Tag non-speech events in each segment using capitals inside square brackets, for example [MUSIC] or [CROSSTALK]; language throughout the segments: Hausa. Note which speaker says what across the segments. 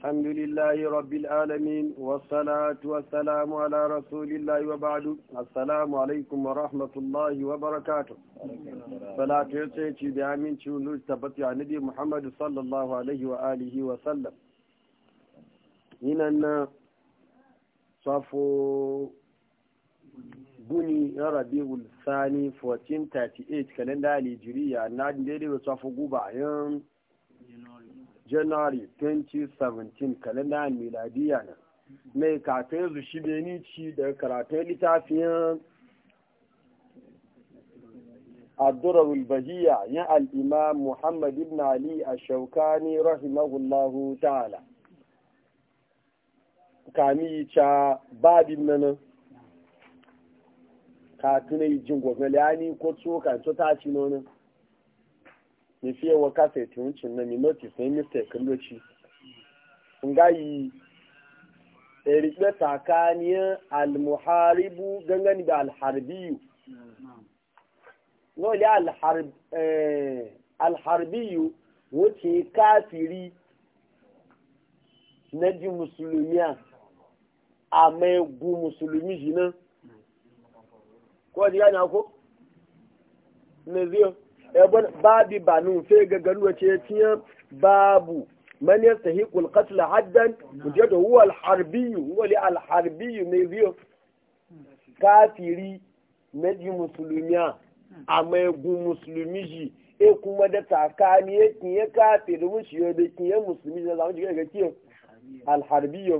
Speaker 1: الحمد لله رب العالمين والصلاة والسلام على رسول الله وبعد السلام عليكم ورحمة الله وبركاته صلاة يسيتي بأمين شنو تبطي عن نبي محمد صلى الله عليه وآله وسلم هنا صفو بني ربيع الثاني 1438 كالندا الهجرية نادي صفو قبعين january 2017 kalenda miladiya na mai kafin su shi ni ci da karatun littafin الدرر البهية يا alima muhammad ibn ali a رحمه Rahimahullahu ta'ala. kami cha babin nan ka tunai jin gwagwale ani ko tsokan to ta ci nonin mi fi ewo kasa ti n cin na mi noti sai mr kaloci nga yi erigbe tsakaniyan almuharibu gangani da alharbiyu lóòlì eh, alharbiyu wọ́n ti káàfìrí nẹ́dí musulumi à àmọ́ egun musulumi babi ba nun sai ga garuwa ce tiya babu man yastahiqu al-qatl haddan mujadu huwa al-harbi huwa li al-harbi ne biyo kafiri meji musulmiya amma egun musulmi ji e kuma da takani e kiye kafiri mu shi da kiye musulmi da zamu ji ga kiyo al-harbi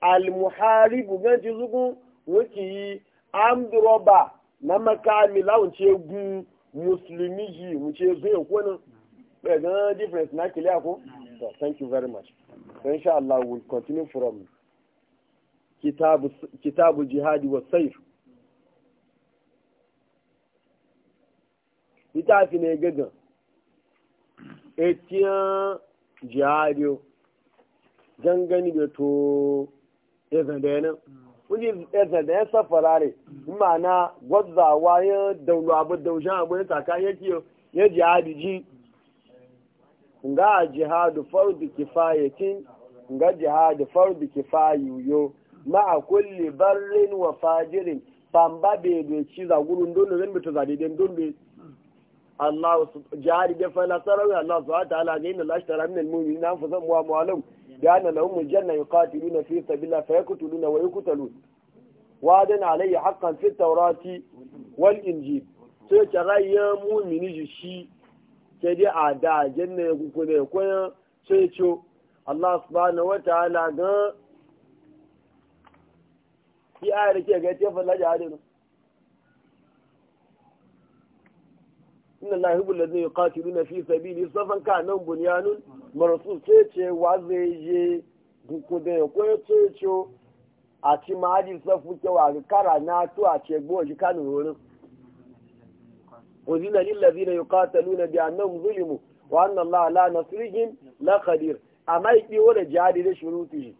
Speaker 1: al-muharibu ganci zugun wuki amdroba na makami lawun ce gun musulmi yi mu ce zo ya kona daga difference na kiliya ko so thank you very much so insha Allah will continue from kitabu jihadi wa sayr litafi ne gaga etiyan jihadi gangani da to ezan da yanan kuji ɗaya da ya safara ne ma'ana gwazawa ya daunu abu daushen abu ya saka ya ke ya jihadi ji nga jihadu fa kifayatin nga jihadu fa kifayuyo ma'a kulli barrin wa fajirin pamba be do ci za gurun don don be to Allah jari da fala sarari Allah su wa ala ga inna lashtara min almu'minin anfusahum wa amwalahum bi na lahum janna yuqatiluna fi sabilillah yaqtuluna wa yuqtalun wadan alayhi haqqan fi tawrati wal injil sai ta rayya mu'mini shi sai dai a da janna ya ku ne ko sai ce Allah subhanahu wa ta'ala ga ki ayar ke ga tafa lajari inna la yuhibbu alladhina yuqatiluna fi sabili safan kanan bunyanun marasu sai ce wa zai je dukude ko ce ce a ci maji safu ke wa kara na to a ce gbo shi kanu wurin uzina lil ladina yuqataluna bi annahum zulimu wa anna allaha la nasrihim la qadir amma yi wala jihadi da shuruti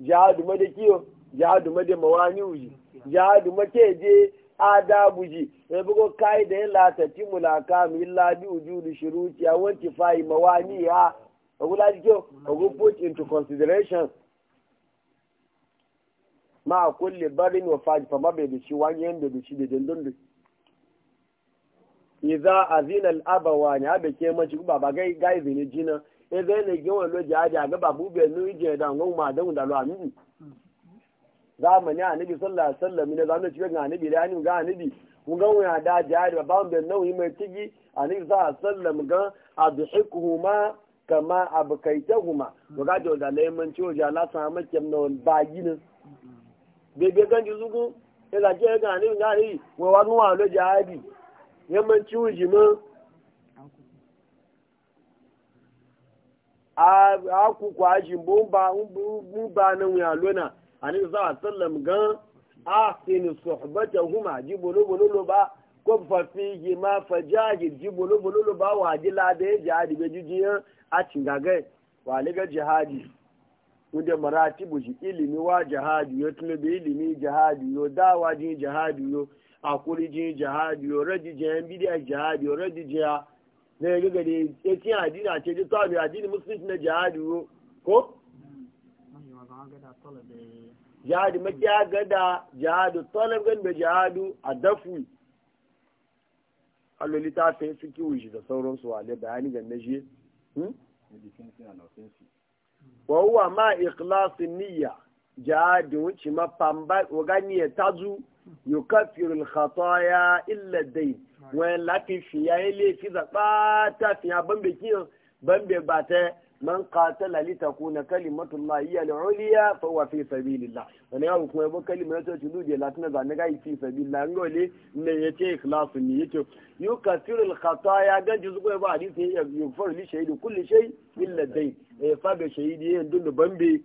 Speaker 1: jihadu madakiyo jihadu madamawani uji jihadu makeje adabuji sai bugo kai da yalla ta ti mulaka mi illa bi wujudu shuruti ya wanti fai mawani ya ogula dikyo ogu put into consideration ma kulli barin wa faji fa mabe da shi wani yende da shi da dendon de idza azina al abawani abe ke mace ba ba gai gai zini jina idza ne won lo loji ga ba babu be nu ije da ngon ma da da lo amin zamani annabi sallallahu alaihi wasallam ne zamani ci ga annabi da ni ga annabi kun ga wani da jari ba bamu da nauyi mai ciki a ni za a sallam gan a kuma kama a kuma to ga da laiman ciwo ja la samu kem na bagi ginin bebe gan ji zugun ila e ke ga ni ga ni wa wa nuwa lo jari yamman ciwo ji mu a ku kwa jin bomba ba nan ya lona a ni za a sallam gan ahsinu suhbatahuma ji bolo bolo ba ko fa fihi ma fajahid ji bolo bolo ba wa ji lade jihadi be jijiyan a cingagai wa liga jihadi wanda maratibu shi ilimi wa jihadi yo tuna be ilimi jihadi yo dawa ji jihadi yo akuri ji jihadi yo radi jiyan bidiya jihadi yo radi jiya ne ga gade ya ci adini a ce ji tabi adini musulunci na jihadi yo ko?
Speaker 2: Wani
Speaker 1: jihadi makiya gada jihadu tsalab gan da jihadu a dafu alloli ta fi su kiwo shi da sauransu a da bayani ga na shi hmm? wa huwa ma ikhlasin niyya jihadi wuce mafamba waganiya ta zu yukaffiru al-khataya illa dai wa lafi fi ya ile fi za ta fiye bambe kiyan bambe ba ta man qatala li takuna llahi hiya al-ulya fa huwa fi sabilillah wani ya kuma yabo kalimar ta tudu da latina da na gai fi sabilillah gole ne ya ce ikhlasu ni yace yukathiru al-khataya ga juzu ko ba hadisi ya yufaru li shahidi kulli shay illa dayn e fa be shahidi yan dundu bambe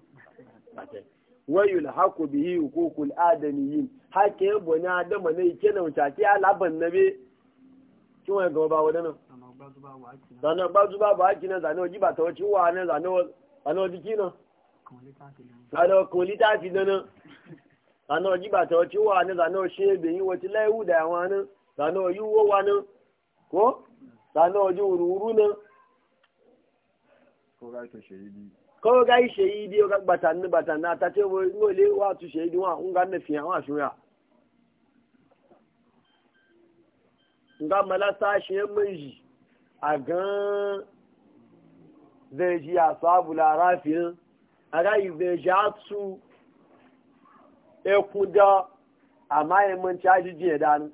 Speaker 1: wa yulhaqu bihi huququl adamiyyin hakke bona adama ne kenan wuce ce alaban nabi kí wọ́n ẹ̀gàn ọba wọlé náà. zànà gbájúbá bọ̀ ájì náà zànà ojú bàtà ọtí wà náà zànà ọdí kí náà. zànà ọkùnrin lítà ti dáná. zànà bàtà ọtí wà náà zànà ọṣẹ ti dà wọn náà zànà náà kó zànà náà. bí ní bàtà náà ń gbọ́lé bí wọ́n nga mala sashen manji a gan zai ji a sabu larafin a rayu zai ji a su ekun da a mahimman caji jiya danu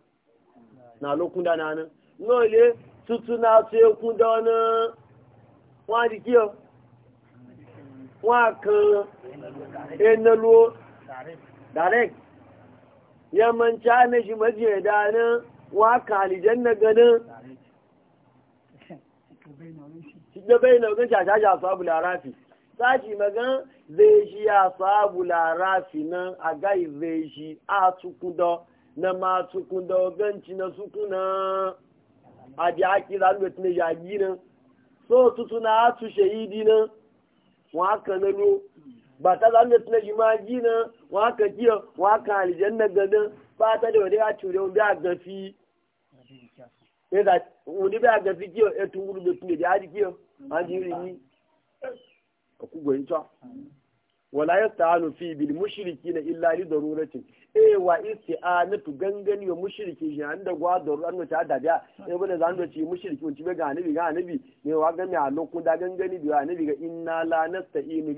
Speaker 1: na lokun da nanin nole tutu na su ekun da wani wọn jiki o wọn kan enalo direct yamman caji majiya danu wa kalijan na ganin shiga bai na wajen shashashi a sabu larafi sashi magan zai shi a sabu larafi nan a gai zai shi a tukudo na ma tukudo ganci na sukuna a ji aki zaluwa tuna yagi nan so tutu na atu shahidi nan wa aka nalo ba ta zaluwa tuna jimaji nan wa aka kiyo wa aka alijan na ganin ba ta da wani a cire wani a gafi ẹ̀dà òní bí agẹ̀fí kí ẹtù wúlò lè tún èdè ájí kí ọ máa di rí ní ọkùgbọ̀n ń tọ́ wọ́n láyé sàánù fi ìbìlì múṣìrìkì ní ilá rí dọ̀rọ̀ rẹ̀ tì ẹ̀ wà ìsì àánẹ́tù gángan yóò múṣìrìkì yìí à ń dẹ̀gbọ́ àdọ̀rọ̀ àánú ti àdàbí à ẹ̀ bọ́dẹ̀ láńdọ̀ ti múṣìrìkì òtí bẹ́ẹ̀ gàn níbi gàn níbi ni wàá gẹ́mi àlókun dá gángan níbi wà níbi gẹ́ iná lánàtà inú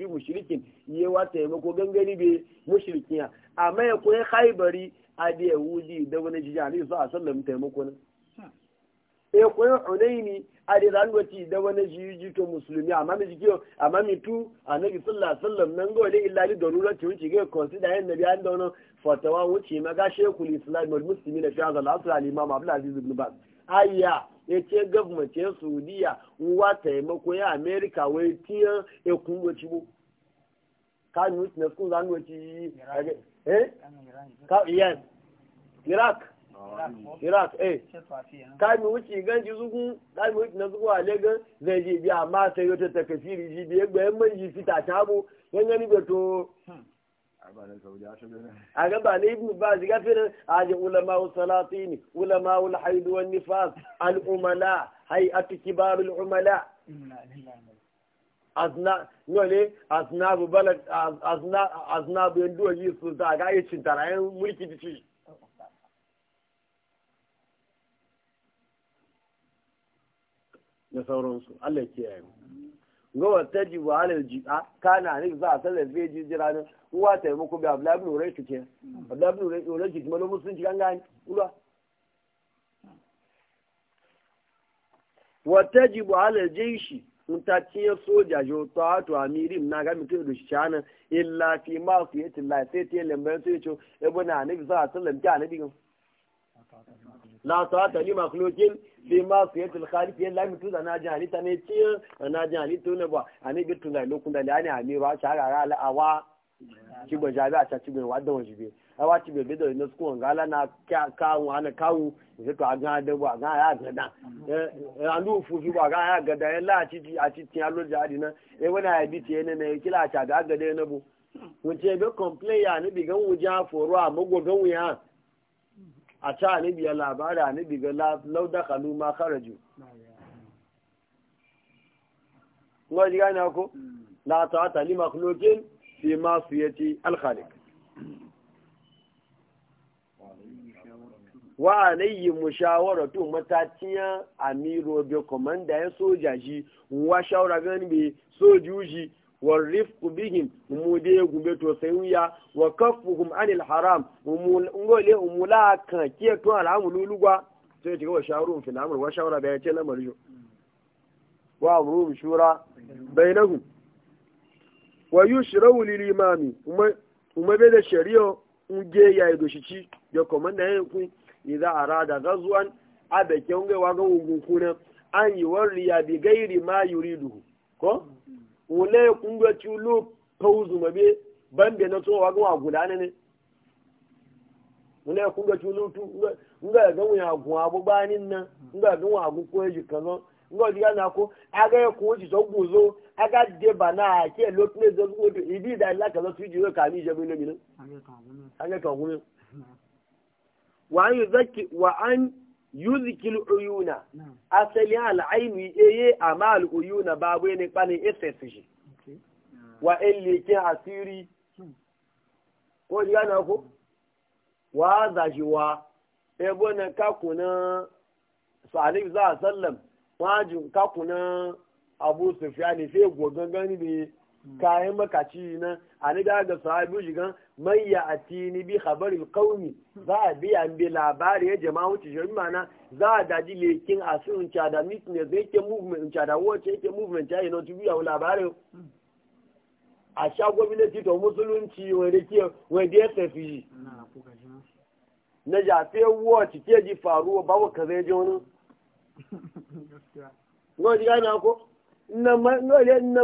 Speaker 1: adi yahudi da wani jiji a nisa a sallam taimako nan e koyon unaini a da da wani jiji to musulmi amma mi jikiyo amma mi tu a sallallahu alaihi wasallam nan ga wani illali da nuna wuce ga consider yan nabi an da fatawa wuce maga shekul islam wal muslimi da shahada al-asr al-imam aziz ibn baz ayya ya ce gwamnati ya saudiya wa taimako ya amerika wai tiyan ekun bo. bu kanu na sun zanwaci eh ka yes iraq iraq eh ka mi wuce ganji zugu ka mi wuce na zugu a legan zai je biya amma sai yau ta takasiri ji biye gbe yan manji fita ta bu yan gani beto a gaba na ibn baz gafirin ajin ulama salatini ulama ul haidu wan nifas al umala hay'atu kibarul umala nole aznabu balad aznabu yanzu yi su za ga yi cintara yan mulki da ci da Allah ke yayi gowa ta wa alal ji a kana ne za a sallar zai ji jira nan uwa ta yi muku bi abdullahi ibn urai kike abdullahi ibn urai kike malo musulunci kan gani uwa wa tajibu alal jaishi mutaciyar soja jota wato amiri na ga mutum da shi shana illa fi ma su yi tilla sai ta yi lambar su yi ce ebe na anabi sa sun lamki anabi gan la ta ta ni kulokin fi ma su yi kari fiye mutum da na jihali ta ne ciyar na yi to ne ba anabi tun da lokun da ne amiru a shahara al'awa cibiyar jami'a a cibiyar wadda wajen be a wa cibiyar bidon ina suku nga ala na kawo ana kawo da to a gan adabo a gan aya gada an duk fufi ba gan aya gada ya la a titi a lojin adi na ya wani a yabi tiye ne na ya kila a caga agada ya nabo wace ya bi complain ya ni bigan wuja foro a magogan wuya a ca ni biya labari a ni biga lauda kalu ma karaju. Ngo jiga ne ko? Hmm. La ta'ata li makhluqin fi masiyati al-khaliq wa alayhi mushawaratu matatiya amiro bi ya sojaji wa shawara gani bi sojuji wa rifqu bihim umude gumbe to sayuya wa kaffuhum anil haram umule umula kan ke to alamululugwa sai tiga wa shawrun fil amr wa shawara bayan ce lamarin wa amru shura bainahum wa yushrau lil imami kuma da shari'a in ya yi doshici da komanda ya kun idza arada ghazwan abake unge wa ga ungun kuna an yi ya bi gairi ma yuridu ko wule kunga tulu pauzu mabe bambe na to wa ga wa ne wule kunga tulu tu nga ga wa gun abubanin nan nga ga wa gun ko ji kazo nga ji na ko aga ya ko ji so aga de bana ke lokne zo ko to ibi da Allah ka zo su jiyo ka mi je mun ne an ka gumin wa an yuzaki wa an yuzki al-uyuna asali al-ayni eye amal uyuna babu ne pani efesishi wa illikin asiri hmm. ko ya na ko wa zajiwa ebo na kakuna sallallahu alaihi wasallam wajin kakuna abu sufyan sai go gangan ne hmm. kayan makaci na a ni ga ga sahabu shigan man ya tini bi habarin kauni za a biya bi labari ya jama'a wuce shi mana za a daji lekin in cada ne zai ke movement cada wace ke movement ya yi na tubi biya labarin hmm. a sha gwamnati to musulunci wani ke wanda ya tafi na jafe wace ke ji faruwa ba wa ka zai ji wani. [LAUGHS] ko? na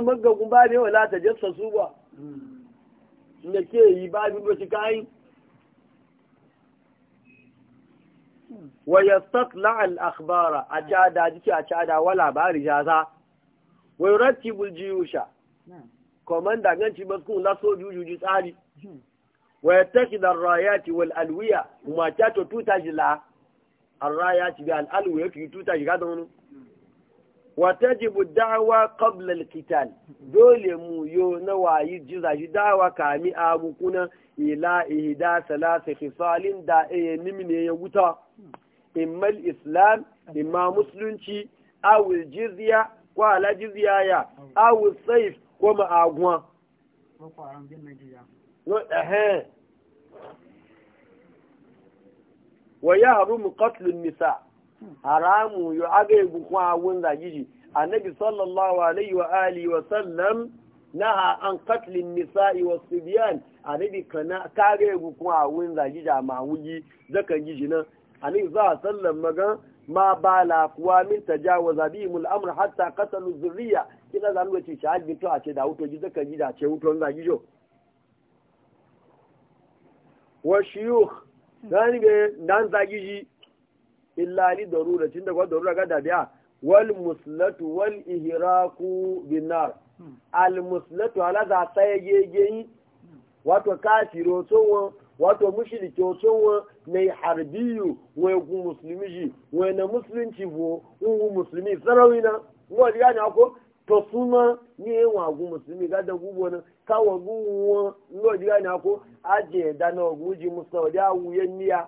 Speaker 1: magagun ba ne wala ta jasa su ba
Speaker 2: da
Speaker 1: hmm. ke yi ba bi ba shi kayan wa yastaqla al akhbara a cada jiki a cada wa labari jaza wa rati al jiyusha hmm. komanda ganci basku na so jujuji tsari hmm. wa ya yattakhid ar rayati wal alwiya kuma ta to tuta jila ar rayati bi al alwiya ki tuta jiga da wani watajibu da'wa qabla qital dole mu yo na wayi jiza shi da'wa kami abu kuna ila ihda salasa khisalin da e nimine ya wuta mal islam imma musulunci awul jizya ko ala jizya ya aw saif ko ma agwa wa yahrumu qatlu nisa haramu yo aga kwa awun zagiji annabi sallallahu alaihi wa alihi wa sallam naha an qatlin nisa'i wa sibyan annabi kana kage kwa awun zagiji ma wuji zaka giji nan annabi sallallahu sallam maga ma bala kuwa min tajawaza bihim al-amr hatta qatalu dhurriya kina zan wuce shahadi to a ce da wuto ji zaka giji da ce wuton zagijo wa shuyukh dan ga dan zagiji illa li darura cin da kwa darura ga dabi'a wal muslatu wal ihraku bin nar hmm. al muslatu ala za ta yege wato kafiro tsowo wato mushriki tsowo ne harbiyu wai ku musulmi ji wai na musulunci bo ku musulmi sarawina ko ya ne ko to suma ni wa gu musulmi ga da gubo ka wa gu wo ngo diga ne ko aje da na guji musaudi awuyen niya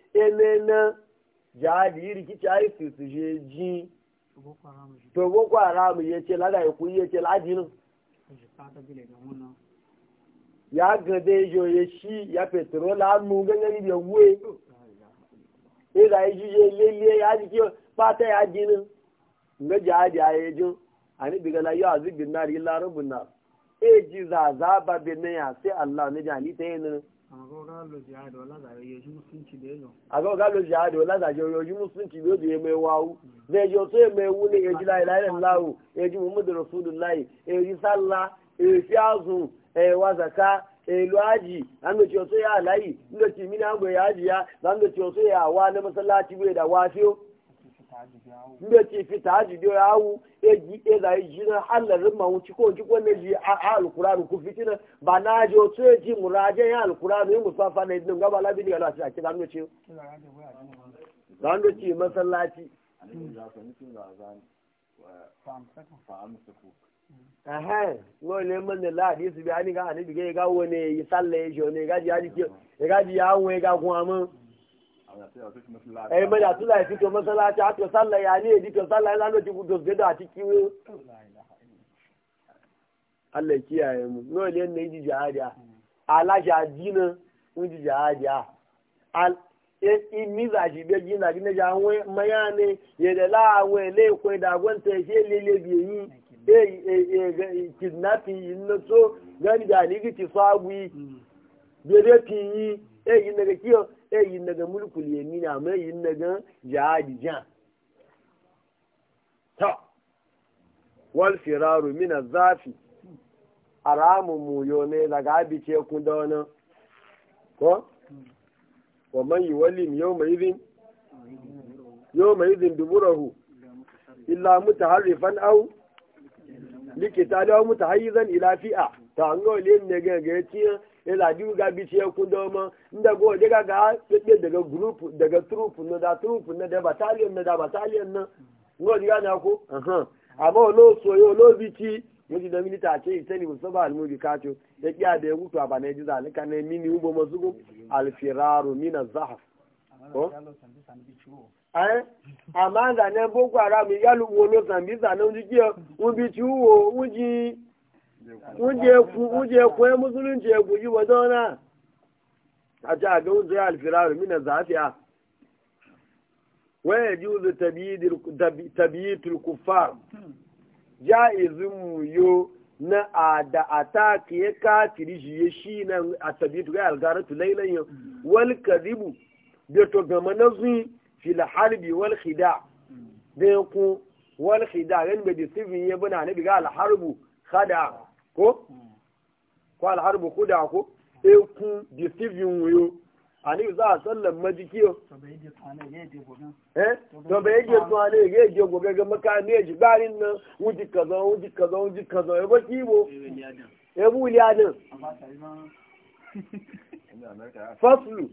Speaker 1: emena jadi rikici a isi su je ji to boko haram ya ce lada ya kuyi ya ce lajinin ya gade yo ya shi ya fetro la nu gangan bi wuwe e da yi je lele ya ji ki pata ya jinin nga jadi a ye jin ani biga la na azibin nar illa rabbuna e ji za za ba bi ne ya sai ala ne jani ta yin àgọ́ ọ̀gá ló ṣe àádọ́ látàjọ ojú mùsùlùmí ló di ẹmẹ wa eji bẹ́ẹ̀jì ọ̀tọ́ ẹmẹ eji ní èjì láìláì ńlá o èjì muhammadu rasulu láì èjì sálà èjì azùn ẹ̀wà zaka èlò àjì àmì ọ̀tọ́ ya láyì ńlọtì mí ya gbẹ̀yà ya, yá láńlọtì mgbe fita ajụjụ awụ eji eza iji na ha lere mma nwụchikwa na-eji alụkwuranụ kwufiti na ba na aji otu eji mụrụ aja ihe alụkwuranụ ịmụta afa na edino ngaba ala bidi ala sị na nnochi na nnochi masallaci ahan wọ́n lè mọ́ ní láàdí ìsìnkú àníkà àníbìkẹ́ ìgáwó ni ìsàlẹ̀ ìṣòro ẹ̀yìn mẹ́rin àtúnlá ẹ̀fí tó mọ́sálásí àtọ̀ sálà yà ní èdè tó sálà ńlá lójú gbogbo gbẹdọ̀ mu ni yẹ̀dẹ̀ láàwọn ilé ìpín ìdàgbọ́ntẹ̀ ṣé lélẹ̀ bì yí kidnapping yìí ní tó e yin daga mulkul yamina mai yin daga jihadi jan ta wal firaru min azafi aramu muyo ne daga abice ku da wani ko wa man yuwallim yawma idhin yawma idhin duburahu illa mutaharrifan aw likita da mutahayyizan ila fi'a ta an ga ne ga ga ila diu ga bi ce ku doma inda go daga ga tsaye daga group daga troop na da troop na da battalion na da battalion na ngo diga na ku aha amma lo soyo lo bi ci muji da minita ce ita ne musaba almubi kacho ya kiya da ya gutu a bane ji zalika ne mini ubo mazugu alfiraru mina zahaf ko ẹ́ àmà ń dà ní boko haram ìyálùwò ló sàn bí sàn ní ojú kí ọ ń bi tí ó wò ó ń jí Uje koyi eh, musulunci ya guji wa zauna a ci a ga wuzu ya alfiraru mina zafiya. Waya ji kufar tabiyitul kuffar. Ja'izin yo na a da a ta kiye kafiri shi ya shi na a tabiyitul ya algaratu lailan yau. wani karibu da to gama na zuyi fil harbi wal Da ya ku wal khida yan bai disifin ya bana na biga alharbu khada. ko hmm. ko alharbu kuda ko hmm. ekun eh, deceiving yo ani za a sallan majikiyo to be je eh? to ale ya je gobe ga makani ya je barin nan wuji kaza wuji kaza wuji kaza ya ki bo
Speaker 2: ya buli adan. faslu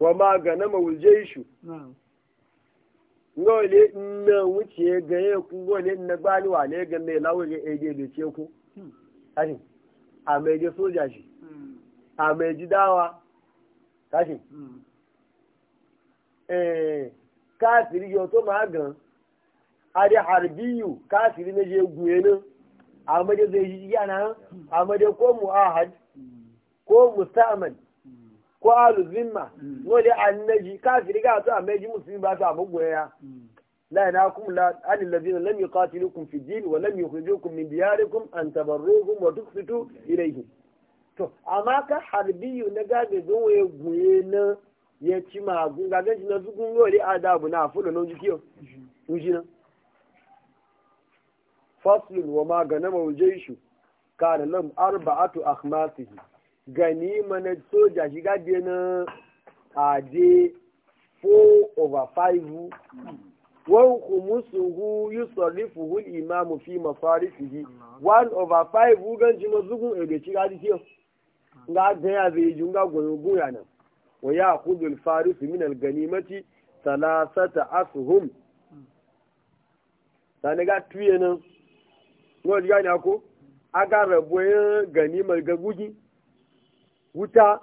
Speaker 1: wa ma gana ma wulje shu le na wuce ga ya ku ngole na gbali wa le ga ne lawo e je da ce ku kashi a meje soja shi a mai ji dawa kashi eh, káàkiri yọ tó máa gan adé harbiyu káàkiri méje egun ẹnu àmọdé tó yí yànà àmọdé kó mu ahad ko musamman ko aluzimma wọ́n lé anájí káàkiri káàtó àmẹ́jí musulmi bá tó abubuwa ẹ̀yà. Mm. لا ينهاكم عن الذين لم يقاتلوكم في الدين ولم يخرجوكم من دياركم أن تبروهم وتقسطوا إليهم to amma ka harbiyu na gagazin ya goye na ya ci magun gagan shi na zukun yori adabu na fulo na jikiyo uji na faslun wa magana maujai shi ka da lam arba'atu akhmasihi gani mana soja shi gabe na ade 4 over 5 wọn kumusuhu yusorifuhu imamu fi masarifihi one over five wugan jima zugun ebe ci ga dikiyo nga daya zai ji nga goyo goya nan wa ya kudul farisu min alganimati salasata asuhum sani ga tuye nan wọ́n gani ako gani ganimar gagugi wuta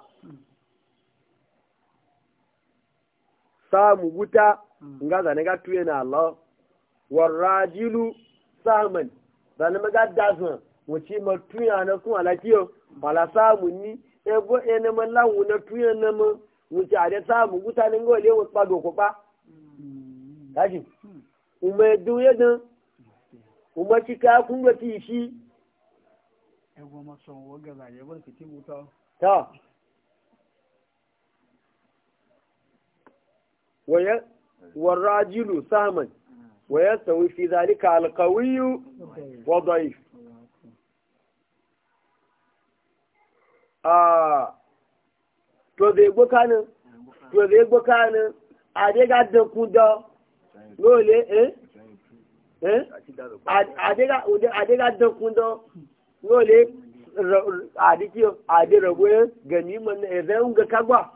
Speaker 1: samu wuta Mm. nga zane ga tuye na Allah warajilu samun zane ma ga dazan wuce ma tuya na kun alakiyo bala samun ni ebo ene ma lawu na tuye na ma wuce ade samun gutanin ga ole wasu kpado ko ba mm. kaji mm. ume duye dan ume cika kun ga ti shi ego ma son woga la yebon ti muta ta waye والراجل سهما ويستوي في ذلك القوي وضعيف آه to zai gbokanin to a dai ga dankun da lole eh eh a dai ga dankun da lole a dai rabuwa ganiman na ezayun ga kagwa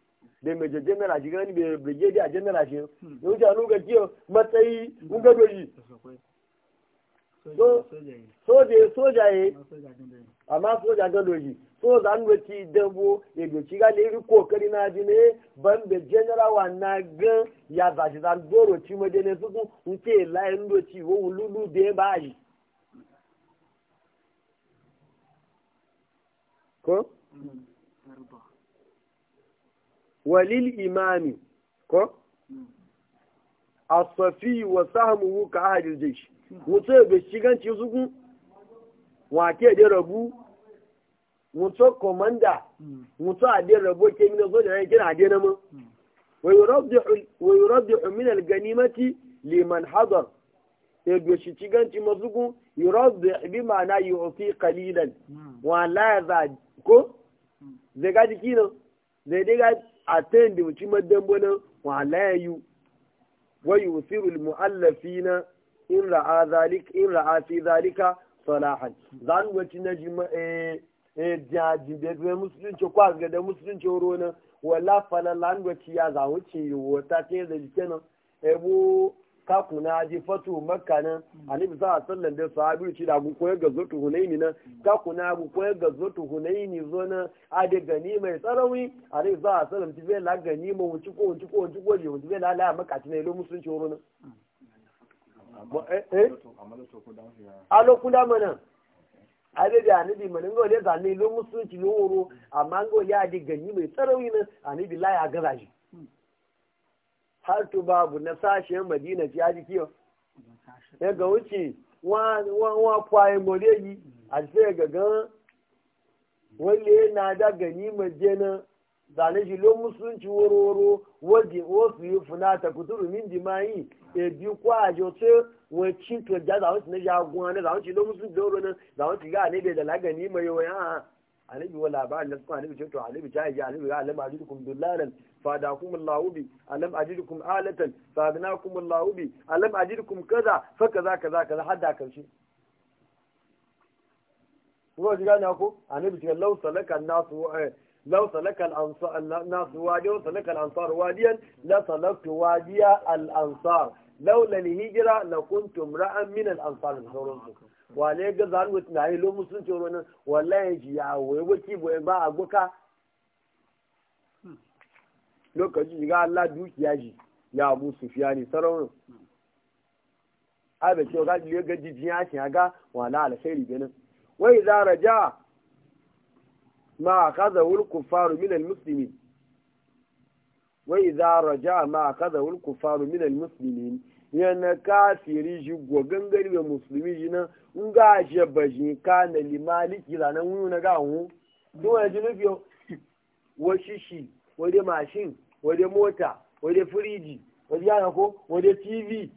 Speaker 1: da major general shi gani bai brigadier general shi da wuce a nuka kiyo matsayi mun gado shi
Speaker 2: soja soja
Speaker 1: yi amma soja gado shi so za mu ci dambo ya doci ga ne riko na ji ne ban da general wa na gan ya ba shi za doro ci ma dene su kun nke layin doci wo lulu da ba yi ko walil imami ko asafi wa sahmuhu ka ahadil jaysh mutu be shiganci zugu wa ke de rabu mutu komanda mutu ade rabo ke mina zo da kina ade na mu wa yuraddihu wa yuraddihu min al ganimati liman hadar ya e doshi ciganci mazugu yuraddihu bi ma'ana yu'ti qalilan hmm. wa la za ko hmm. zai ga jikino zai dai ga aten da mutum madan bana wa layu wa yusiru al muallafina in ra'a zalik in ra'a fi zalika salahan zan wati na jima eh eh jaji da musulunci kwa ga da musulunci na wala fala lan wati ya za wuce wata ce da jikenan ebo ta na ji fatu makka nan annabi za a sallan da sahabi ci da gun koyar ga zotu hunaini nan ta na gun koyar ga zotu hunaini zo nan a da gani mai tsarawi annabi za a sallan ti bela gani ma wuci ko wuci ko wuci ko je wuci bela la makka ti ne lo musulunci coro eh, eh? nan a lokuda mana abe da anibi mana ngo le zanni lo musun ci lo woro amma ngo ya di gani mai tsarawi nan anibi la ya gaza shi har tu babu na sashen madina ya aji kiyo ya ga wuce wa kwaye yi a sai ga gan wale na da gani majena zane shi lo musulunci wororo waje wasu yi funa ta kuturu min jima'i e bi kwa ajo se wancin to ja zawon na jagowa na zawon ci lo musulunci doro na zawon ci ga ne da lagani mai yawan annabi wa labarin da suka annabi ceto annabi jahi annabi ga alam ajidukum dullalan fadakum Allahu bi alam ajidukum alatan fadnakum Allahu bi alam ajidukum kaza fa kaza kaza kaza hadda karshe ko ji gane ko annabi ce law salaka nasu eh, law salaka al-ansar nasu wadiyan salaka al-ansar wadiyan la salaktu wadiya al-ansar laula al-hijra lakuntum ra'an min al-ansar sauransu wale ga zaru na yi lo musulunci wani wallahi ji ya wai waki bai ba a guka lokaci ga Allah dukiya ji ya abu sufiya ne saraunin abe ce ga jiye ga jijiya shi ga wala alkhairi ganin wai za raja ma akaza wul kufaru min al muslimin wai za raja ma akaza wul kufaru min al muslimin yana kafiri shi gogon gari da musulmi shi nan in ga shi ba shi ka na limaliki zanen wuyu na ga hu duk wani jini fiye wasu shi wadda mashin wadda mota wadda firiji wadda yana ko wadda tv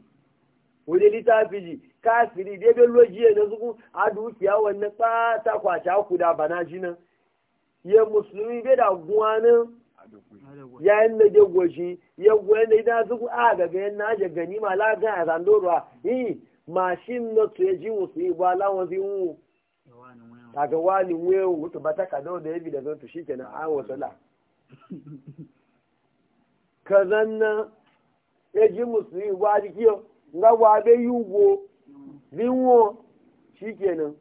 Speaker 1: wadda littafi ji kafiri dai bai ya na zuku a dukiya wannan tsata kwace kuda bana shi nan ya musulmi bai da guwanin ya na je gwashi ya gwaye na idan su a daga yan na je gani ma la ga zan dorwa yi mashin na to ji musu yi ba la wani wu kaga wani wewu to bata ka da yabi da zan to shikenan a wasala kazan na ya ji musu yi ba dikiyo nga wa be yugo linwo shikenan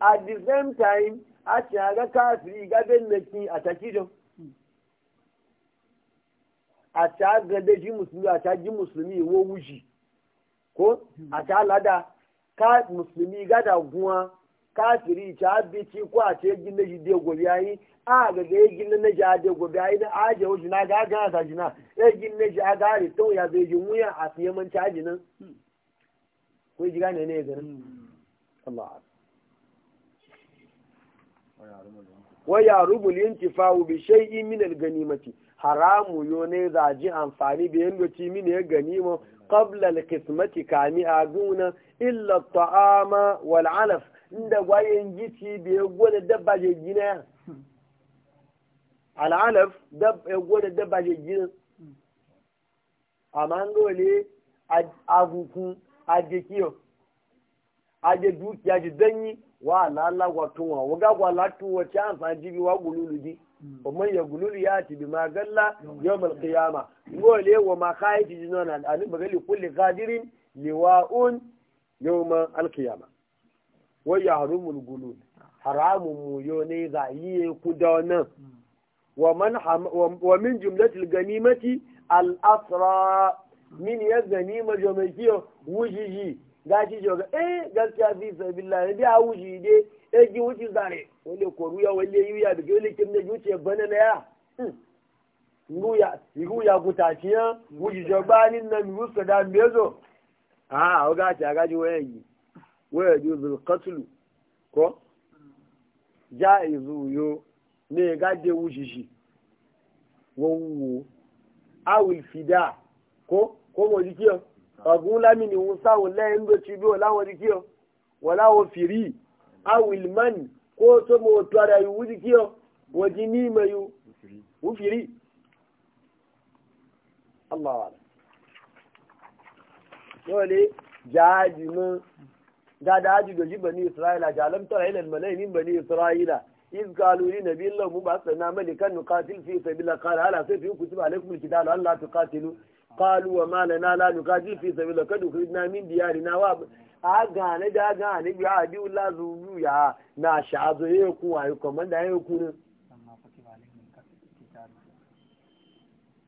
Speaker 1: at the same time a ci aga kafiri ga na ki a takijo a ta gade ji musulmi a ta ji musulmi wo wuji ko a ta lada ka musulmi gada guwa ka firi ta bici ko a ce gina shi de gobe yayi a ga ga gina na ja de gobe yayi a je wuji na ga ga sa jina e gina shi a gari to ya zai ji muya a fiye man ta ji nan ko ji gane ne ga Allah wa ya rubul intifa'u bi shay'in min al-ganimati haramu yo ne za ji amfani da yin ci mini ya gani mu qabla al-qismati a aguna illa at-ta'ama wal 'alaf inda gwayen gici da ya gwada dabba je gina al-'alaf dabba ya gwada dabba je gina amma a agukun a je dukiya ji danyi wa lalla wa tunwa waga wa latu wa ci amfani jibi wa gululu di ومن يقول لي ياتي بما قال يوم القيامة يقول لي وما خايف جنون أنا بقول كل قادر لواء يوم القيامة ويحرم القلوب حرام ميوني ذعيه كدانا ومن ومن جملة الغنيمة الأسرى من يغنيمة جمعية وجيجي ذاتي جوغا ايه gaskiya fi sabi Allah ne da wuji dai eji wuce zare wale koru ya wale yi ya daga wale kim na yuce bana na ya igu hmm. ya kuta ciya wuce jabani na miru sada mezo a a ga ta ga waya yi waya yi zul katulu ko ja izu yo ne ga je wuce shi wawo awil fida ko ko mo dikiyo agun lamini won sawo le ndo ci bi wala wo dikiyo wala wo awil man ko so mo twara yu wuji kiyo waji ni mayu wufiri Allah wa dole jaji mu da da aji doji jibani Isra'ila jalam tara ilal malai min bani Isra'ila iz qalu li nabiyillah mu ba sana malikan nuqatil fi sabila qala ala sayfi kutiba alaykum alqital alla tuqatilu qalu wa ma lana la nuqatil fi sabila kadu khidna min diyarina wa aga ne da aga ne bi a di ula zuru ya na sha zo ye ku ayi komanda ye ku ne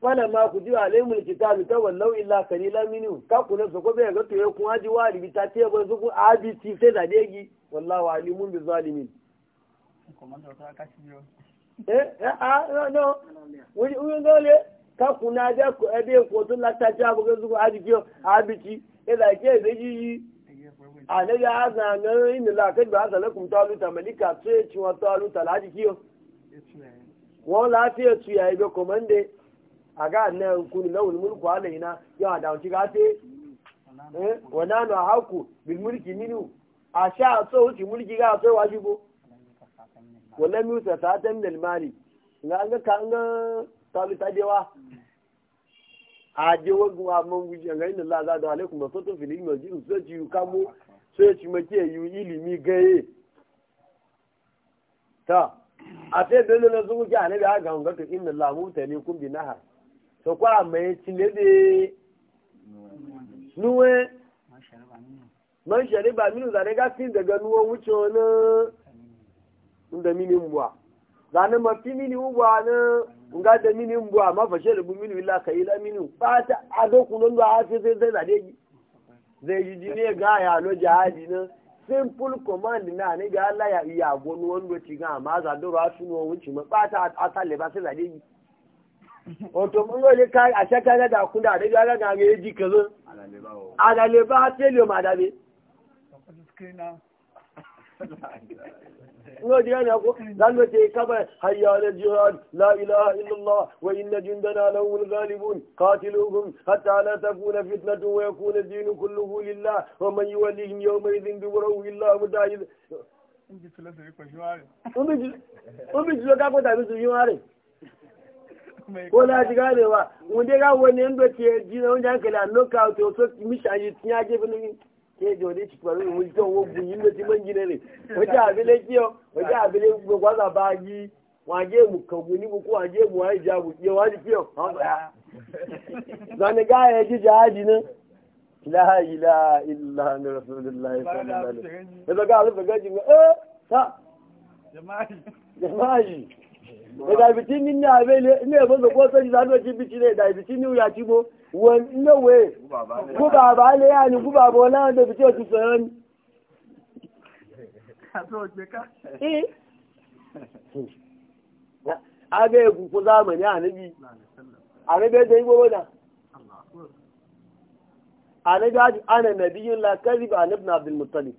Speaker 1: wala ma ku ji alaimul kitabi ta wallau illa kalila minu ka ku ne soko bai ga to ye ku aji wali bi ta te ba su ku abi ti sai da degi wallahu alimun bi zalimin
Speaker 2: komanda ta ka
Speaker 1: eh, eh ah no no wuri wuri gole ka ku na ja ku ebe ko tun la ja bu ga su ku aji yo abi ti ila ke da yi a na ga zanen inda la kai ba zanen kuma taluta malika su ya ci wata taluta laji kiyo wọn lafiya su ya yi ga komande a ga na kuni na wani mulku alayina yau a daunci ga te wana na haku bil mulki minu a sha so wuce mulki ga so wa shigo wala mi ta ta tan dal mali ga an ga kan ga taluta dewa a je wa mun guje ga inna la za da alaikum wa satu fil ilmi wa jiru sai ji kamo sai ci make yi ilimi gaye ta a sai dole na zuwa ki anabi aga hanga to inna la mutali kun bi nahar to kwa mai ci ne de nuwe man shariba minu zane ga fin daga nuwa wuce wani inda mini mbuwa zane ma fi mini mbuwa na nga da mini mbuwa ma fashe da bu minu illa ka la minu ba ta ado kunan da a sai sai sai zade zai yi jini ga ya lo jihadi na simple command na ni ga Allah ya iya gonu wanda ti ga ma za do ra su no wuci ma bata atale ba de yi o to mun ga le kai a ka ga da kunda da ga ga ga yaji ala le ba le ma da be
Speaker 2: [LAUGHS]
Speaker 1: no diga ne ko dan kaba hayya ala jihad la ilaha illallah wa inna jundana lahum ghalibun qatiluhum hatta la takuna fitnatun wa yakuna ad kulluhu lillah wa man yuwallihim yawma idhin duburahu illa mudahid Omi jùlọ kápọ̀ tàbí tún yíwá rẹ̀. Kó láti gáàrè wa, òun dé káwọn ní ń bẹ̀ tiẹ̀ jí náà oúnjẹ àkẹlẹ̀ àlọ́kà ọ̀tọ̀ tó kéde òní ti pẹ̀lú ìwé tí owó bu yìí ló ti máa ń jiná rè ọjà àbílẹ̀ kí ọ ọjà àbílẹ̀ gbogbo àgbà bá yí wọn àjẹ́ èmù kàngbù níbo kó àjẹ́ èmù àìjẹ́ àbùkí wọn àti kí ọ wọn bá yá. zanigá ẹ jíjà á di ná. ilaha illa ni rasulillah sallallahu alaihi wasallam. ẹ̀sọ́ ká àlọ́ fẹ̀gẹ́ jù ú ẹ́ sá. da biti ni ni abele ni ebo so ko so ji sanu ji biti le da biti ni uya tibo won no way ku baba le ya ni ku baba ola de biti o ti so yan ni abe egun ko zamani anabi anabi da igbo wona anabi ana nabiyun la kadhib an ibn abdul muttalib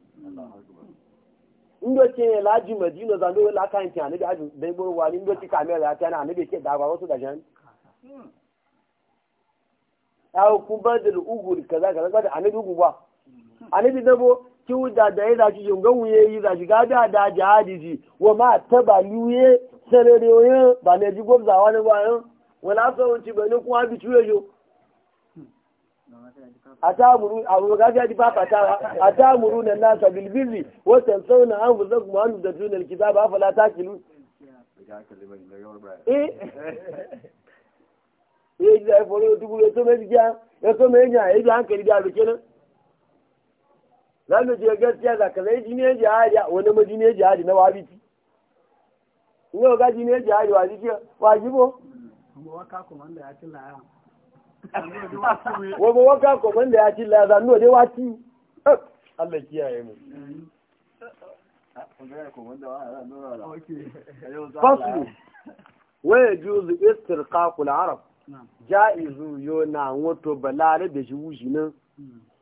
Speaker 1: ndoce laji madina za lo la kan ti anabi ajin dai bo wa ni ndoce kamera ta na anabi ke da ba wasu da jan aw ku badal ugur kaza kaza kaza anabi ugu ba anabi dabo kiwu da da ya zaci yungan wuye yi da zaci gada da da jihadiji wa ma taba yuye sarere yoyin ba ne ji gwabzawa ne ba yin wala sauranci bai ne kuma bi ciwo yau a abu ga ga ba fatawa atamuru nan nasa bil birri wa an anfusakum wa antum tatluna al kitaba afala eh eh da foro dubu ya to me ya to me nya ya hankali da bi kenan zamu je gaskiya da kaza jini jihadi wani ma jini jihadi na wabiti ne ga jini jihadi wa jibo wa kuma kuma ya Wọ́n wọ́ká kọ̀kọ́ ilẹ̀ àti ilẹ̀ àzà ní òde wá tí. Allah kiyaye mu. Faslu, waya juzu istirqaqul arab. Ja'izu yona wato balare da shi wushi nan.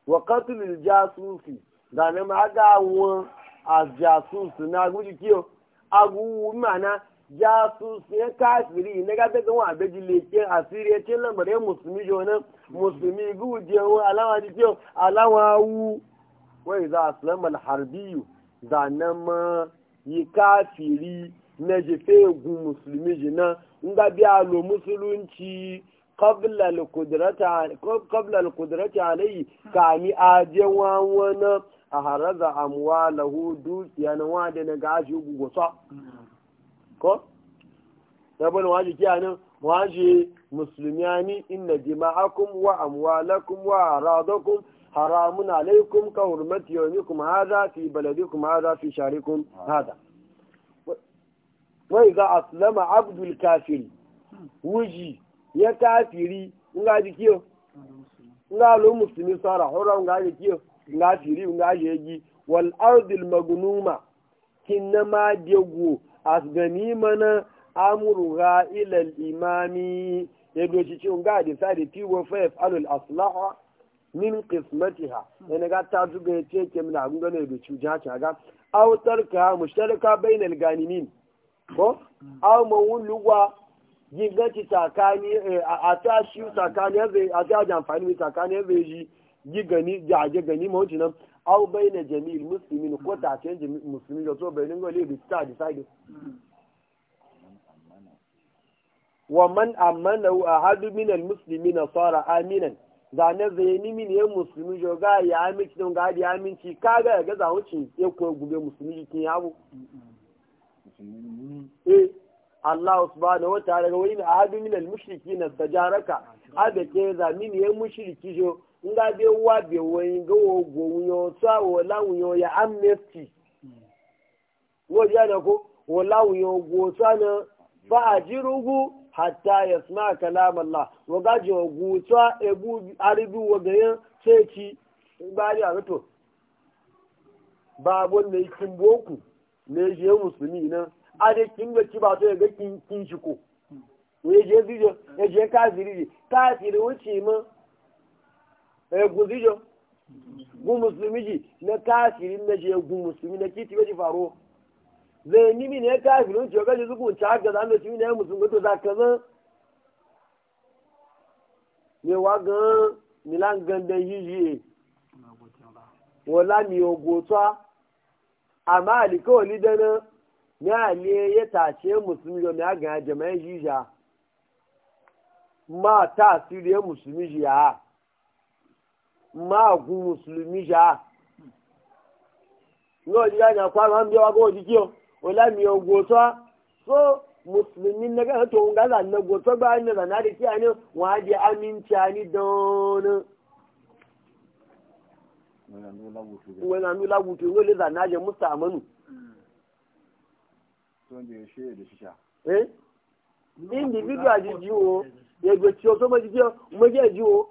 Speaker 1: Wa qatlul jasusi, zane ma ga won a jasusu na guji kiyo. Agu mana jasusu kafiri na gafe gan wa abeji leke asiri siriya ce lambar ya musulmi jonan musulmi guje wa alawa ji ce alawa wu wai za a harbiyu za zanen ma yi kafiri na jefe gu musulmi jina ga biya lo musulunci qabla alayi ka ni kami ajewa wani a haraza amwalahu dukiya na da na gashi gugusa ko sabon waji waje waji musulmiyani inna jima'akum wa amwalakum wa aradakum haramun alaikum ka hurmat yawmikum hada fi baladikum hada fi sharikum hada wai ga aslama abdul kafir wuji ya kafiri nga ji kiyo nga lo musulmi sara hura nga ji kiyo nga firi nga ji wal ardil magnuma kinna ma dego asgani mana amurga ilal imami yadda shi cikin ga hadisa da tiwo fayaf alul aslaha min qismatiha yana ga ta zuga ya ce ke mina abin gano yadda doci jihar ga autar ka mushtaraka bainal ganimin ko aw mawun lugwa giganci takani e, a shi takani a ta amfani takani ya zai ji gani jaje gani mawuci nan aw bayna jami'il muslimin ko ta ce musulmi da so bayanin gole bi ta decide wa man amana ahadu min al muslimina sara aminan da na zaini min ya musulmi jo ga aminci don ga ya aminci kaga ya ga zawuci ya ko gube musulmi kin yabo eh Allah subhanahu wa ga wani ahadu min al mushrikina sajaraka ada ke zamini ya mushriki jo nga bɛ wa bɛ wɔnyi ga wo go wunyɔ tsa wo la wunyɔ ya amnesty wo ja na ko wo la wunyɔ go tsa na fa ajirugu hatta ya kalam Allah wo ga jo go tsa ebu aribi wo ga yan sai ci ba ya to babon ne kin boku ne je musulmi na ade kin ga ci ba to ga kin kin shi ko ne je zijo ne je kafiri kafiri wuce mu Eh, gun zijo gun musulmi ji na kafirin na je gun musulmi na kiti bai faro zai nimi ne kafirin ce kaji zuku ci haka za mu na ne musulmi to za ka zan ne wa gan milan gandan yiye wala mi ogotwa amma alikawali dana ni ali ya tace musulmi yo mi aga jama'in yiya ma ta siriyar musulmi jiya máàgùn mùsùlùmí ṣá ní ọjọ́ ìyá kó àwọn bí wàá òjijì o ọlámi ogun tó so mùsùlùmí nẹgẹ tó ń gàdà nẹgbò tó gbà ní ọ̀nà àti tí a ní wọn á jẹ àmì ń tí a ní dánná. wọn náà ní láwùjọ lè àjẹ musa amanu. individual jíjí wo ègbè tí o tó mọ jíjí o mọ jẹ́ jíjí o.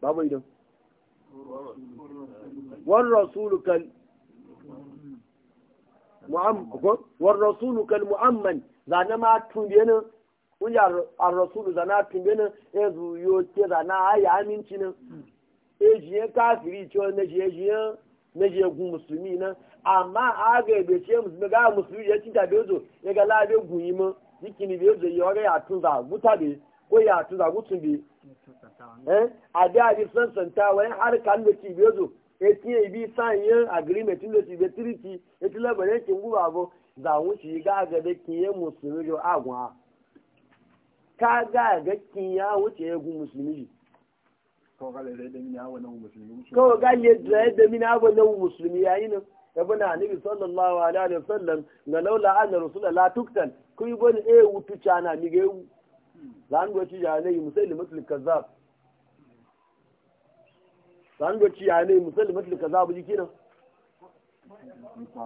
Speaker 1: babu idan wani rasulu kan wani rasulu kan mu'amman zane ma tumbe nan kunya a rasulu zana tumbe nan ya e zuyo ke zana haya aminci nan ya e jiye kafiri ce wani jiye jiye na jiye gun musulmi nan amma a ga ebe ce musulmi ga musulmi ya cinta bezo ya ga labe gun yi ma jikini bezo ya wara ya tun za bezo ko ya tu da gutun bi eh abi abi san san ta wai har kan da ci bezo e ti e bi san yin agreement lo ci be treaty e ti labare ki ngu babo da ga musulmi jo agwa ka ga ga ki ya wuce ye gu musulmi ko ga le da mina wa na ewu
Speaker 2: ko ga le
Speaker 1: da mina na musulmi yayin nan e ibn anabi sallallahu alaihi wasallam ga zangoci ya ne musaili mutul kazzab zangoci ya ne musaili mutul kazzab ji kina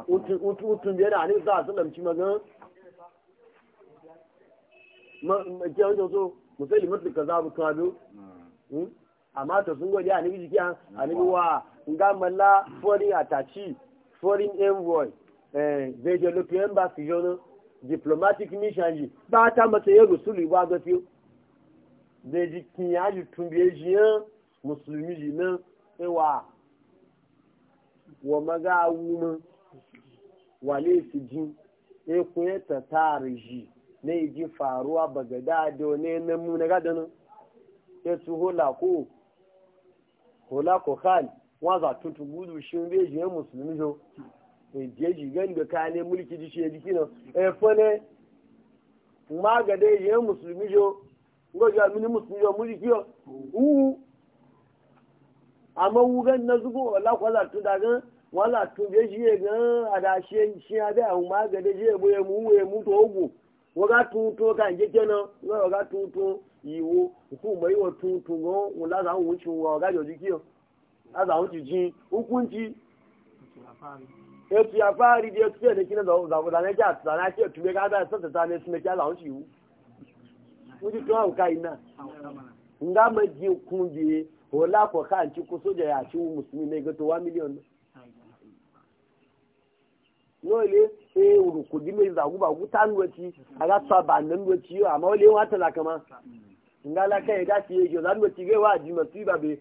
Speaker 2: utu
Speaker 1: utu biyar da ne za a salamci magana ma ke wajen so musaili mutul kazzab kuma biyu hmm? amma to sun gode a nabi jiki a nabi wa nga malla foreign attache foreign envoy eh zai je lopi embassy jono diplomatic mission yìí bá tá mọ́tẹ́yẹ rùsùlù ìwà agẹ́fíó lèjì kìnyà yìí tún bí èjì yẹn mùsùlùmí yìí náà ẹ e wà wa mọ́gá awú mọ́ wà léèsì jí ekun yẹn tàtàrì yìí ní ìjì faruwa bagadáde ní ẹnẹ mú ní gádánù ètò e hólàkó hólàkó khan wọn àtúntò gbúdù ṣe ń bí èjì yẹn mùsùlùmí yìí je jigan kane mulki ji shi jiki na e eh, fone maga ye musulmi jo ngo ja mini musulmi jo mulki yo u amma wugan na zugo wala ko za tu daga wala tu je ji ga ada shi shi ada au maga dai je bo ye mu ye mu to ogu waga tun to kan je kenan waga tun to iwo ku mai wa tun tun go wala za mu shi waga jo jiki yo aza mu ji hukunci Thank you. etu ya fari da etu da kina da da da ja da na ce tu be ga da sa ta ne sun ja lawo ciu muji to an kai na nga ma ji kunje wala ko kan ci ku soja ya ci musulmi ne ga to 1 million no le e uru ku dime za guba gutan wati aga sa ba nan wati amma wale wata la kama nga la kai e ga ci yo e zan wati ga wa ji be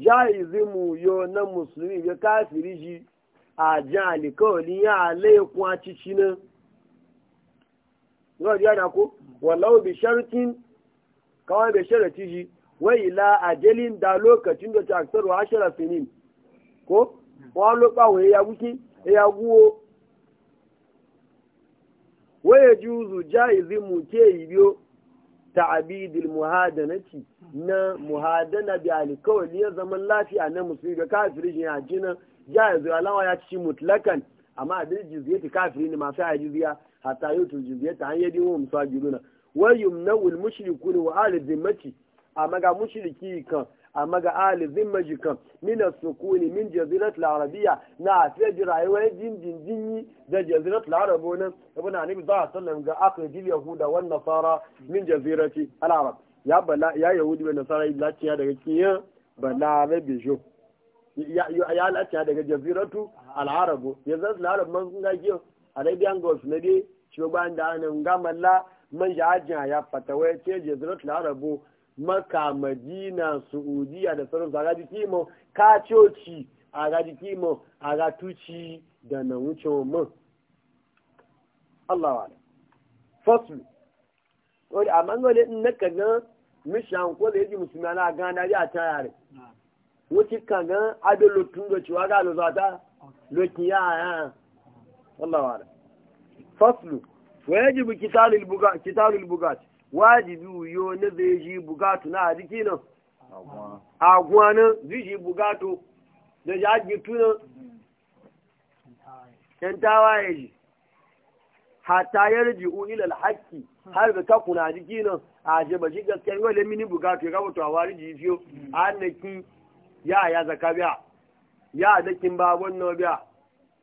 Speaker 1: jaizimu yo na musulmi ya kafiri a jan alikawali ya alaikun a cici na yau ya da ko walau bi shartin kawai bi sharati shi wa ila ajalin da lokacin da ta aksaru ashara sinin ko wọ́n ló pàwọ̀ wọ́n ta'abidil muhadanati na muhadana bi alkawli ya zaman lafiya na musulmi ga kafirin ya jina ya yanzu alawa ya ci mutlakan amma abin jizyati kafiri ne masu ya jizya hatta yau tu jizyata an yadin wa musajiruna wa yumnawul mushrikun wa ahli zimmati amma ga mushriki kan amma ga ahli zimma min min sukuni min jazirat al-arabiyya na fi ji rayuwar jinjin da jazirat al-arab wannan ibn anabi da sallam ga jil yahuda wan nasara min jazirati al-arab ya bala ya yahudi wa nasara illa ciya daga kiyan bala rabijo ya latiya daga jaziratu al'arabu yanzu al'arab man sun ga kiyo arabian gulf na dai shugaban da ana gamalla man ya ajin ya fatawa ya ce jaziratu al'arabu maka madina su'udiya da sauransu a gaji kimo kacoci a gaji kimo a gatuci da na wuce mun allawa wa fasu wadda a mangole in na kaga mishan ko da yaji musulmi a gana ya ta yare mm. wuce kaga ado da ciwa ga lozata lokin ya ya Allah wa faslu wa yajibu kitalul bugat kitalul wajibi yo na zai ji bugatu na adiki nan agwa nan zai ji bugatu da ya ji tunan yan ya ji hatta ya riji ila alhaki har da kakuna adiki nan a je ba shi gaskiya yau wale mini bugatu ya gabata wa ji fiyo annaki ya ya zaka biya ya dakin ba na biya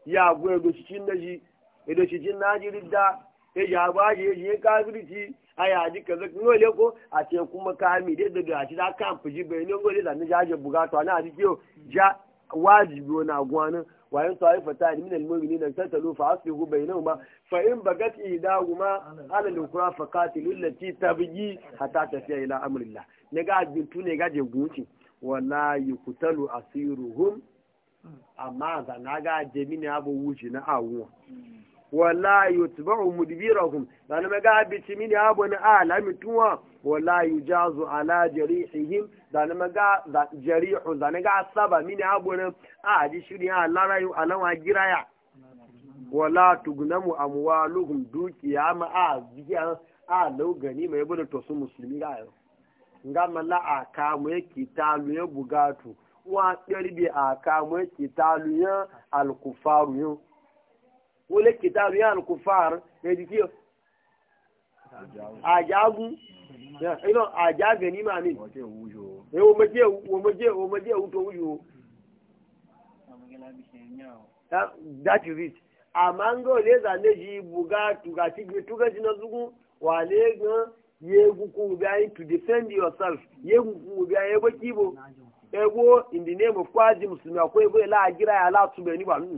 Speaker 1: ya gwe gushicin na ji shi shicin na ji ridda ya ji abaji ya ji ya kafirci aya ji kaza ngole ko a ce kuma ka mi dai daga a ci da kan fuji bai ne ngole da ni jaje a na a kiyo ja wajibi wani agwanin wayan ta'ifa ta ni minal mu'minin tatalu fa aslihu bainahuma fa in bagat idahuma ala al-ukra fa qatilu allati tabghi hatta tafiya ila amrillah ne ga bintu ne ga je guci wala yuqtalu asiruhum amma za na ga je mini abu na awu. wala yutba'u mudbirahum dan maga bici mini abun alami tuwa wala yujazu ala jarihihim dan maga jarihu dan ga saba mini abun a ji shiri ala rayu alawa giraya wala tugnamu amwaluhum dukiya ma a biya a laugani mai bude to su musulmi ga yau nga mala aka mu yake talu ya bugatu wa yarbi aka mu yake talu ya alkufaru yau wọlé kìtàbù yà ń kó fàr ẹ̀dì tí ó àjágún ẹ̀nà àjágẹ̀ ní màmí ọmọdé ewu tó wúyò that is it àmà ń gọ́ lè zàlẹ̀ yìí bùgá tùgàtí gbé to defend yourself yegun kú bí ayé ẹgbẹ́ in the name of kwazi musulmi àkó la ìlà àgírà yà látúbẹ̀ nígbà nù.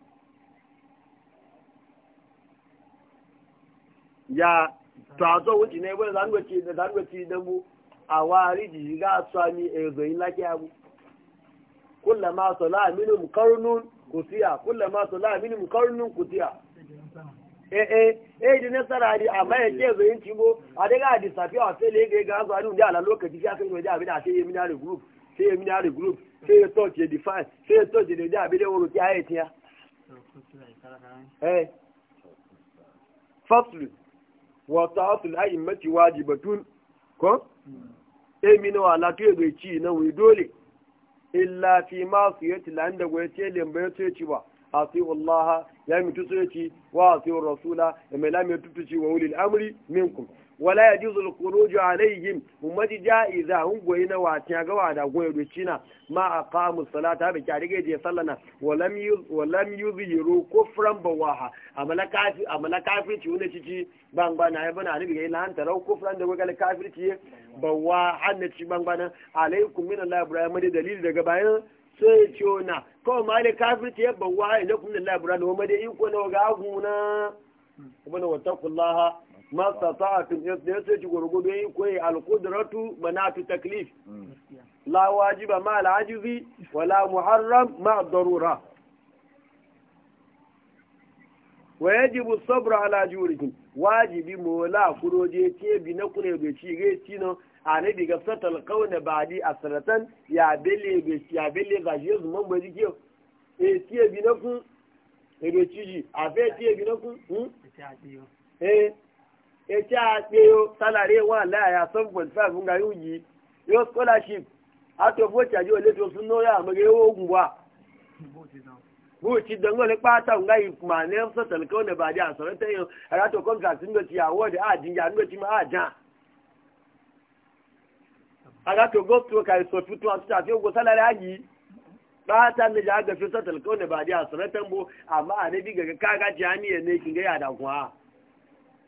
Speaker 1: ya tọ́tọ́ wọ́n ti ní ẹgbẹ́ ìdánwẹ̀tì ìdánwò àwọn àríjìjì gá sọ ní ẹ̀rọ ìlákẹ́ abu kúlẹ̀ máa sọ láàmínú kọrùnún kò sí ee ee di nasara di amma ya ce zai ci bo a daga a disafi a ga ala ya kai wajen abin da group sai ya group sai wa ta'atul a'immati wajibatun ko e eh, min wa la to ga ci na wi dole illa fi ma su yace lan da goye ce lembe ya ci ba asiu Allah ya mi tuso ya ci wa asiu Rasula ya mai lamu ya ci wa ulil amri minkum wala ya juzul kuruju alaihim ummati jaiza hun goyi na watiya ga wada goyi rucina ma aqamu salata bi kyari ga je sallana walam yuz walam yuzhiru kufran bawaha amala kafi amala kafirci wani cici ban bana ya bana ni ga ilan tarau kufran da gogal kafirci bawa hanna ci ban bana alaikum min allah ibrahim dalil daga bayan sai ciona kawai ma da kafirci ya bawa ilaikum min allah ibrahim ma dai iko na ga guna kuma watakullaha masta da ya ce ci gurgudu yi koyi alkudratu manatu taklif la wajiba ma al'ajizi wala muharram ma darura wa yajibu sabra ala jurihi wajibi mola kuroje ce bi na kure bai ci gai ci a na diga satal di a sanatan ya bele be ya bele ga yanzu man bo dike e ti bi na kun e bai ci ji a fe ti bi na kun e ete a 1 salary one e laya seven point five ga yóò yí yóò scholarship ato vote àjọ ìletò fún lóyà àmọ́gẹ́ yóò ogun wa. vote le pata nga ìkùmà ní sọ̀tẹ̀lẹ̀ kí wọ́n nà bàjẹ́ àsọ̀rọ̀ tẹ́yìn ẹ̀rọ àti contract ńgọ̀ ti award àdìyà ńgọ̀ ti máa jà. àgàtò go stroke àìsàn tuntun àti àti ogun salary àyí pata ní ìjà àgàfẹ́ sọ̀tẹ̀lẹ̀ kí wọ́n nà bàjẹ́ ní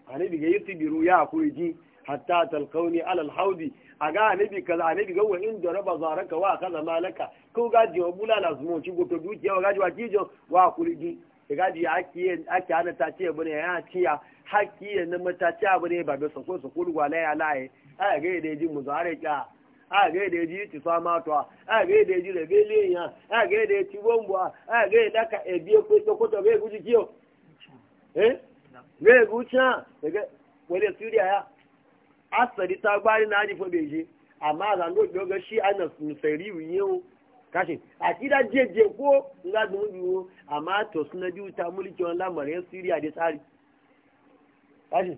Speaker 1: annabi ga yusbiru ya hakuri ji hatta talqauni alal haudi aga annabi kaza annabi ga wa inda raba zaraka wa kaza malaka ko gaji ji obula lazmo ci goto dukiya wa gaji wa kijo wa hakuri ji e ga ji ake ake ana ta ce bane ya ciya hakiye na mataci abu ne ba da sako sako gwala ya laye a ga da ji muzare a ga da ji ti fama to a ga da ji rebele ya a ga da ti bombo a ga da ka ebiye ko to ko to ga guji kiyo eh rẹ̀ gúúchán gẹ́gẹ́ wọlé siri yá asali ta gbari na aji fobe je amma oge ndo dogo shi ana musari o. kashin akida jeje kwuo, nga dun biwo amma to suna di ta mulki on lamarin Syria da tsari kashin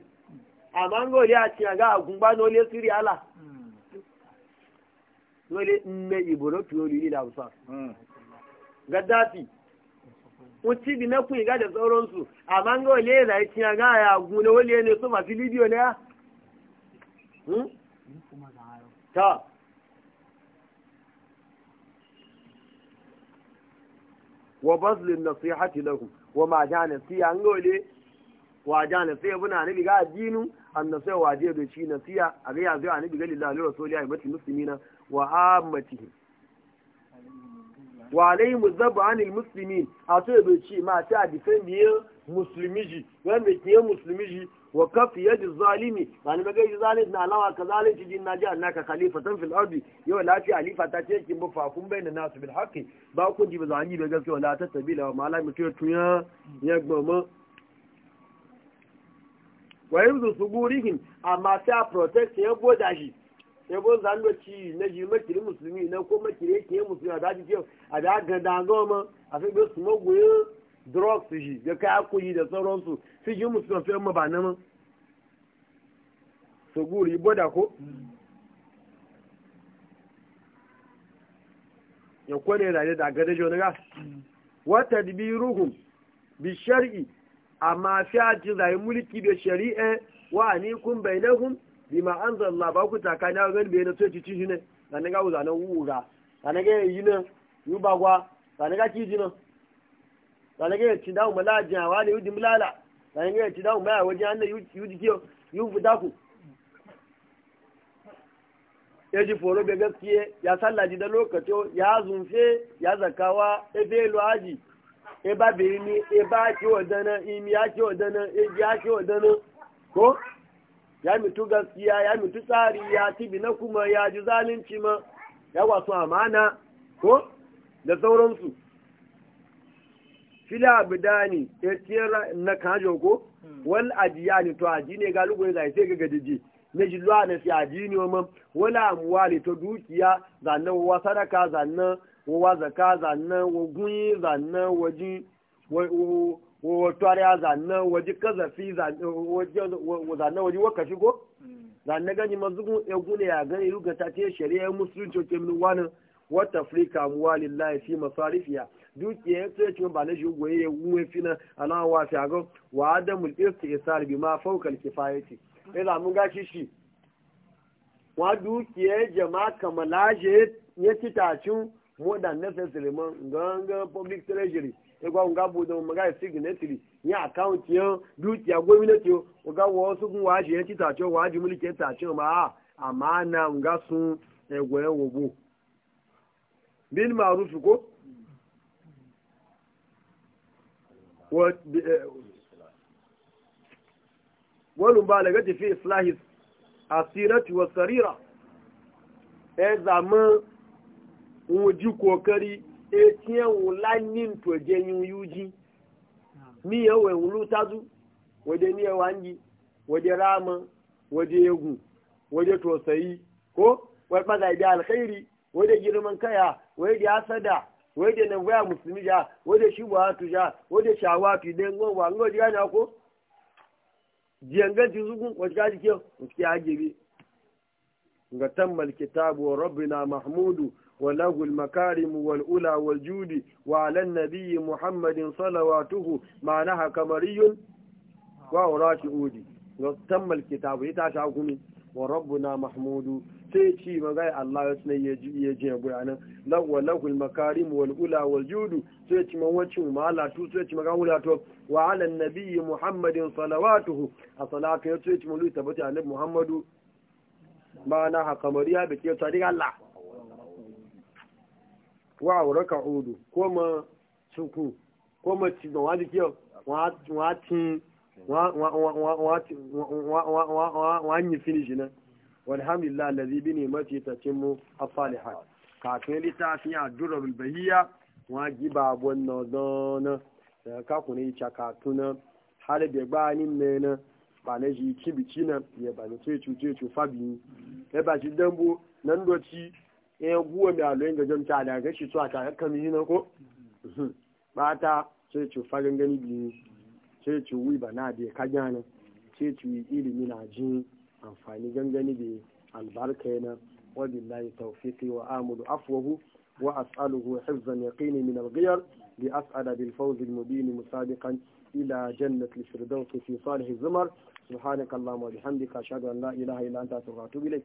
Speaker 1: amma ngo le a tiya ga agungba no le Syria la dole nne iboro otu le na usa wuci bi na ku iga da sauransu amma ga wale ya zai cinya ga ya gune wale ne su masu libiyo ne ya hmm? ta wa baslin nasihati lakum wa ma ja nasiya an ga wale wa ja nasiya buna nabi ga jinu an nasiya wa waje da shi nasiya a ga ya zo a nabi ga lillahi rasulillahi mutti muslimina wa ammatihi wa alayhi muzabu anil muslimin a to bai ce ma ta defend yin musulmi ji wanda ke yin musulmi ji wa kafi yadi zalimi ba ni magai ji zalimi na alawa ka zalunci jin naji khalifa tan fil ardi yau lafi alifa ta ce kin ba fakun bayna nasu bil haqqi ba ku ji ba zani tabila gaskiya wala ta sabila wa malai mutu tuya ya gbama wa yanzu suburihim amma ta protect ya boda shi yabo zan do ci na ji makiri musulmi na ko makiri yake musulmi a daji ke a da ga da ga ma a sai su magoyi drugs ji ya kai akuyi da sauransu su ji musulmi fiye ma ba na ma so guri boda ko ya kwane raye da gada ga wata dibiruhum bi shar'i amma fi a ji zai mulki da shari'a wa ni kun bainahum bima anzal Allah ba ku taka na ga ne na to ci ci ne sanin ga uzana wura ne ga yi ne yu ba gwa ne ga ci na ne ga ci dawo mala jawa ne yudi na ne ga ci mu ba waje an da yudi kiyo yu fita ku ya ji foro be gaskiye ya sallaji da lokaci ya zunfe ya zakawa ebe lo aji e ba be ni e ba ki odana imi e ya ki odana e ji ya ki odana ko ya mitu gaskiya ya mitu tsari ya tibi na kuma ya ji zalunci ma ya wasu amana ko da sauransu fila bidani ya tiyar na kajo ko hmm. wal ne to aji ne ga ya zai sai ga jiji na ji luwa na fi aji ne wa wala ne to dukiya zannan wa sadaka zannan wa zaka zannan wa gunyi zannan wa wato ya zanen waje kazafi zanen waje waka ko mm. zanen gani mazugun egu ne ya gani ruga ta ce shari'a musulunci ke min wani wata afirka muwa lillahi fi masarifiya dukiya ya tsaye cewa ba na shi goye ya wuwe fina ana wa fi agon wa adamul isti isar bi ma faye kifayati mm. ya zamu gashi shi wa dukiya jama'a kamalaje ya ci tacin modan na gangan public treasury egwa nga bu don maga signatory ni account yo dukiya gwamnati yo nga wo su kun waje yan tita cho waje mulke ta cho ma amana nga sun egwa yan bin ma ma'ruf ko wal eh, mubalagati fi islahi asirati wa sarira e zaman wuji kokari etie wò lányi ntò dze nyu yu ya mi yẹ wò wòlò tadu wòde mi yẹ wà ń rama wòde egu wòde tòsèyi ko wòde kpata ibi alikairi wòde girman kaya wòde asada wòde nàvóya musulmi dza wòde shibu atu dza wòde shawa tu de ŋgɔ wa ŋgɔ dzi ka ko diɛ ŋgɛ ti zugu wòde ka ke kye wòde nga tammal kitabu rabbina mahmudu. وله المكارم والأولى والجود وعلى النبي محمد صلواته ما نهى كمري وأوراش أودي وتم الكتاب يتعشعكم وربنا محمود سيتشي مغاي الله يسنى يجي يقول أنا لو له المكارم والأولى والجود سيتشي موتشي ما لا تو سيتشي مغاي ولا تو وعلى النبي محمد صلواته الصلاة يتشي مولي تبتي عن محمد ما نهى كمري بكي صديق الله wa auraka udu ko ma suku ko ma ci don wadi kiyo wa wa tin wa wa wa wa wa wa yi finish na walhamdulillah allazi bi ni'mati tatimmu as-salihat ka kan litafi adura bil bahiya wa giba bonno don ka kuni chaka tuna har be ba ni ne na ba ne ji kibici na ya ba ne tuye tuye tuye fabi ne ba shi dambo nan doci e eh, buwa da alo inga jom ta da ga shi tuwa ta haka mi hina ko ba ta ce ci gani bi ce ci wi ba na da ka gana ce ci yi ilimi na ji amfani gangani da albarka yana wabin layi taufiki wa amudu afuwahu wa as'aluhu hizzan yaqini min alghiyar li as'ada bil fawz al mubin musabiqan ila jannat al firdaus fi salih al zumar subhanaka allahumma wa bihamdika ashhadu an la ilaha illa